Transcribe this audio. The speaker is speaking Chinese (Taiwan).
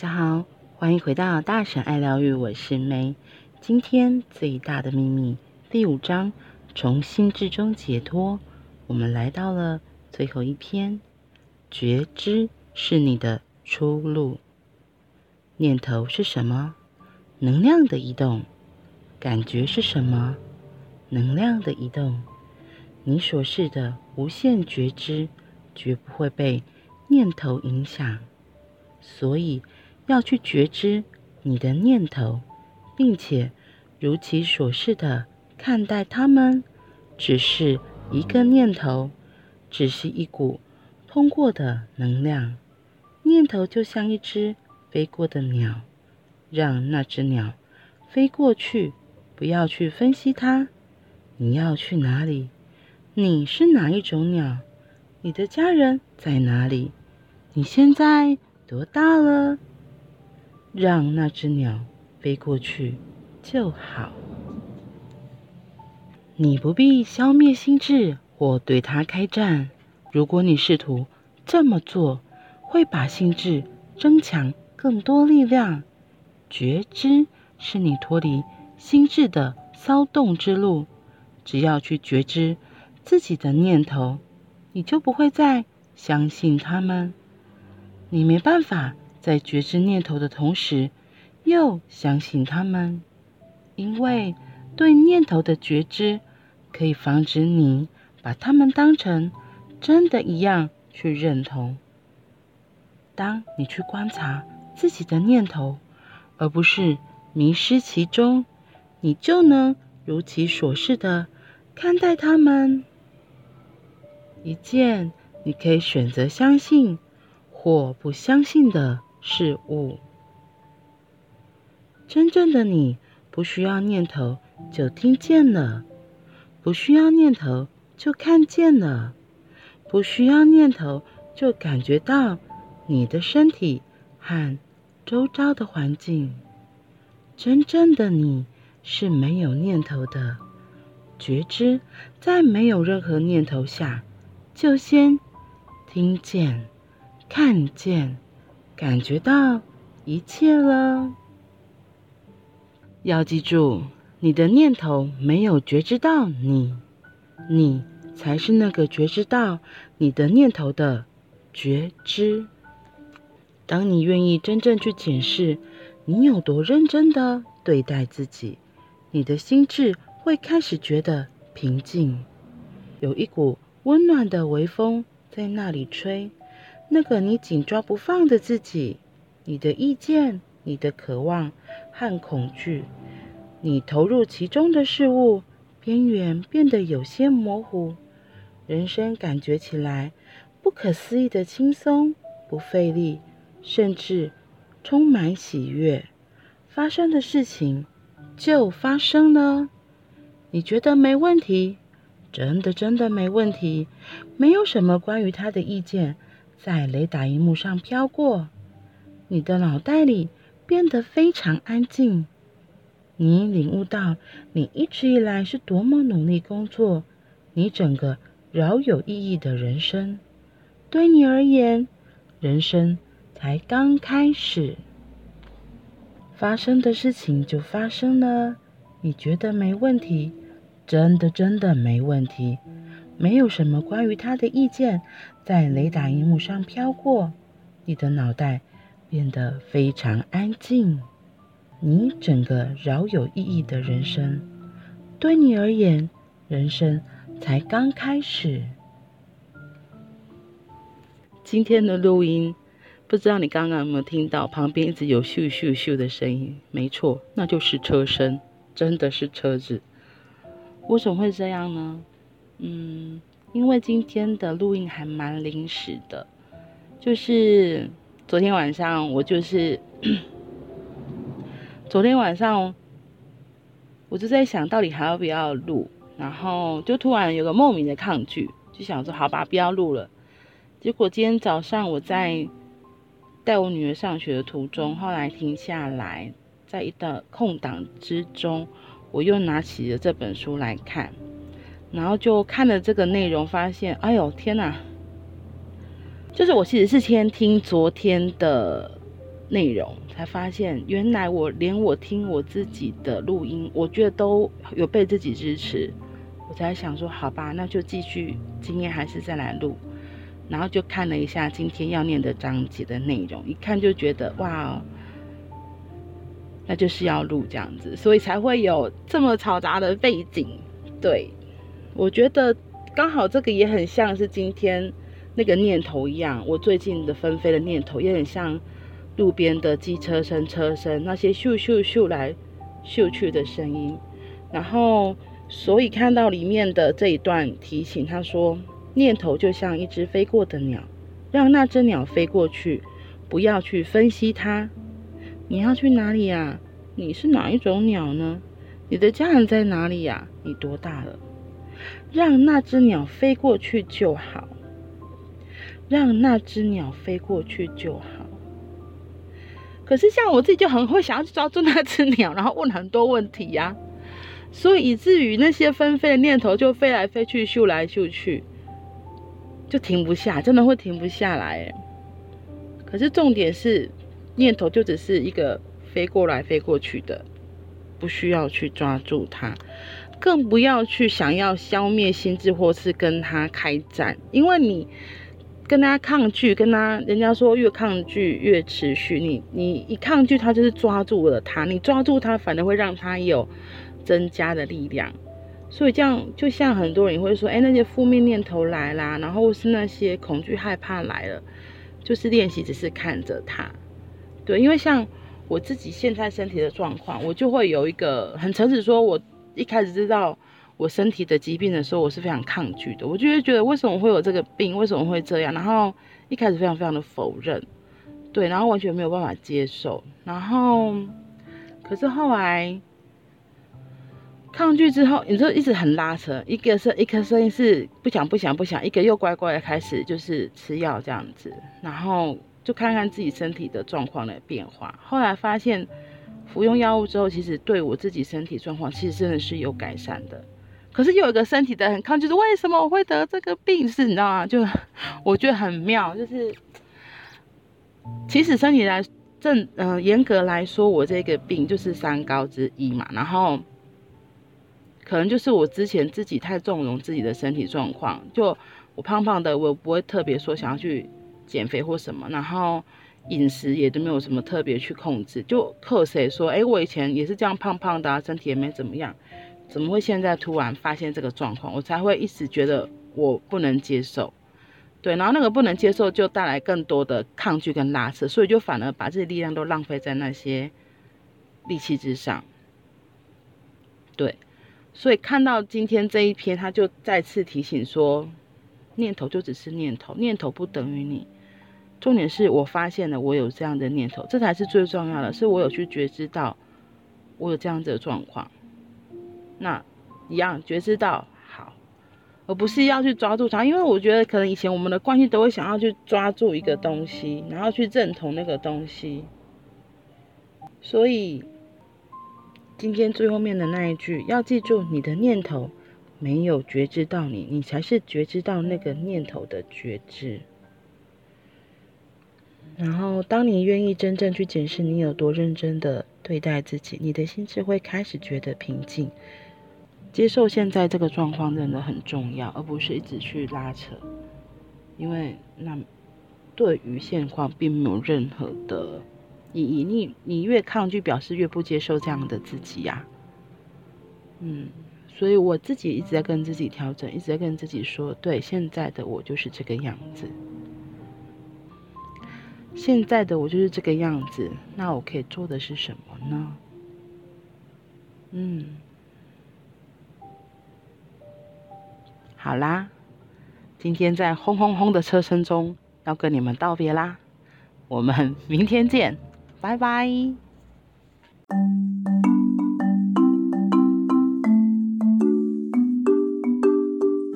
大家好，歡迎回到大神愛療癒，我是梅。今天最大的秘密第五章：從心智中解脫。我們來到了最後一篇，覺知是你的出路。念頭是什麼？能量的移動。感覺是什麼？能量的移動。你所示的無限覺知，絕不會被念頭影響。所以。要去覺知你的念頭，並且如其所是地看待它們，只是一個念頭，只是一股通過的能量。念頭就像一隻飛過的鳥，讓那隻鳥飛過去，不要去分析它。你要去哪裡？你是哪一種鳥？你的家人在哪裡？你現在多大了？讓那隻鳥飛過去就好。你不必消滅心智或對它開戰。如果你試圖這麼做，會把心智增強更多力量。覺知是你脫離心智的騷動之路。只要去覺知自己的念頭，你就不會再相信他們。你沒辦法。在覺知念頭的同時，又相信他們，因為對念頭的覺知可以防止你把他們當成真的一樣去認同。當你去觀察自己的念頭，而不是迷失其中，你就能如其所示的看待他們。一件你可以選擇相信或不相信的事物。真正的你不需要念頭就聽見了，不需要念頭就看見了，不需要念頭就感覺到你的身體和周遭的環境。真正的你是沒有念頭的，覺知在沒有任何念頭下，就先聽見、看見。感覺到一切了。要記住，你的念頭沒有覺知到你，你才是那個覺知到你的念頭的覺知。當你願意真正去檢視，你有多認真的對待自己，你的心智會開始覺得平靜。有一股溫暖的微風在那裡吹。那個你緊抓不放的自己，你的意見、你的渴望和恐懼，你投入其中的事物，邊緣變得有些模糊，人生感覺起來不可思議的輕鬆、不費力，甚至充滿喜悅。發生的事情就發生了，你覺得沒問題，真的，真的沒問題，沒有什麼關於他的意見。在雷達熒幕上飄過，你的腦袋裡變得非常安靜。你領悟到，你一直以來是多麼努力工作，你整個饒有意義的人生，對你而言，人生才剛開始。發生的事情就發生了，你覺得沒問題，真的真的沒問題。沒有什麼關於他的意見在雷達熒幕上飄過，你的腦袋變得非常安靜。你整個饒有意義的人生，對你而言，人生才剛開始。今天的錄音，不知道你剛剛有沒有聽到，旁邊一直有咻咻咻的聲音。沒錯，那就是車聲，真的是車子。為什麼會這樣呢？嗯，因為今天的錄音還蠻臨時的，就是昨天晚上我就是， 昨天晚上我就在想，到底還要不要錄？然後就突然有個莫名的抗拒，就想說好吧，不要錄了。結果今天早上我在帶我女兒上學的途中，後來停下來，在一段空檔之中，我又拿起了這本書來看。然後就看了這個內容，發現，哎呦天哪！就是我其實是先聽昨天的內容，才發現原來我連我聽我自己的錄音，我覺得都有被自己支持。我才想說，好吧，那就繼續，今天還是再來錄。然後就看了一下今天要念的章節的內容，一看就覺得哇，那就是要錄這樣子，所以才會有這麼嘈雜的背景，對。我覺得剛好這個也很像是今天那個念頭一樣，我最近的紛飛的念頭也很像路邊的機車聲、車聲那些咻咻咻來咻去的聲音。然後，所以看到裡面的這一段提醒他說，念頭就像一隻飛過的鳥，讓那隻鳥飛過去，不要去分析它。你要去哪裡呀？你是哪一種鳥呢？你的家人在哪裡呀？你多大了？讓那隻鳥飛過去就好，讓那隻鳥飛過去就好。可是像我自己就很會想要去抓住那隻鳥，然後問很多問題呀、啊，所以以至於那些紛飛的念頭就飛來飛去、咻來咻去，就停不下，真的會停不下來。可是重點是，念頭就只是一個飛過來飛過去的，不需要去抓住它。更不要去想要消滅心智，或是跟他開戰，因為你跟他抗拒，跟他人家說越抗拒越持續。你你一抗拒他，就是抓住了他，你抓住他，反而會讓他有增加的力量。所以這樣，就像很多人也會說，哎，那些負面念頭來啦，然後是那些恐懼、害怕來了，就是練習，只是看着他。對，因為像我自己現在身體的狀況，我就會有一個很誠實說，我。一開始知道我身體的疾病的時候，我是非常抗拒的，我就是覺得為什麼會有這個病，為什麼會這樣？然後一開始非常非常的否認，對，然後完全沒有辦法接受。然後，可是後來抗拒之後，你就一直很拉扯，一個一個聲音是不想不想不想，一個又乖乖的開始就是吃藥這樣子，然後就看看自己身體的狀況的變化。後來發現。服用藥物之後，其實對我自己身體狀況，其實真的是有改善的。可是有一個身體的很抗拒，就是為什麼我會得這個病？是，你知道嗎？就我覺得很妙，就是其實身體來正，嗯、呃，嚴格來說，我這個病就是三高之一嘛。然後可能就是我之前自己太縱容自己的身體狀況，就我胖胖的，我不會特別說想要去減肥或什麼。然後。飲食也都沒有什麼特別去控制，就靠誰說，哎，我以前也是這樣胖胖的啊，身體也沒怎麼樣，怎麼會現在突然發現這個狀況？我才會一直覺得我不能接受，對，然後那個不能接受就帶來更多的抗拒跟拉扯，所以就反而把這些力量都浪費在那些力氣之上，對，所以看到今天這一篇，他就再次提醒說，念頭就只是念頭，念頭不等於你。重點是我發現了我有這樣的念頭，這才是最重要的，是我有去覺知到我有這樣子的狀況。那一樣覺知到好，而不是要去抓住它，因為我覺得可能以前我們的慣性都會想要去抓住一個東西，然後去認同那個東西。所以今天最後面的那一句要記住：你的念頭沒有覺知到你，你才是覺知到那個念頭的覺知。然後，當你願意真正去檢視你有多認真的對待自己，你的心智會開始覺得平靜。接受現在這個狀況真的很重要，而不是一直去拉扯，因為那對於現況，並沒有任何的意義。你你,你越抗拒，表示越不接受這樣的自己呀、啊。嗯，所以我自己一直在跟自己調整，一直在跟自己說，對，現在的我就是這個樣子。現在的我就是這個樣子，那我可以做的是什麼呢？嗯，好啦，今天在轟轟轟的車聲中要跟你們道別啦，我們明天見， 拜拜。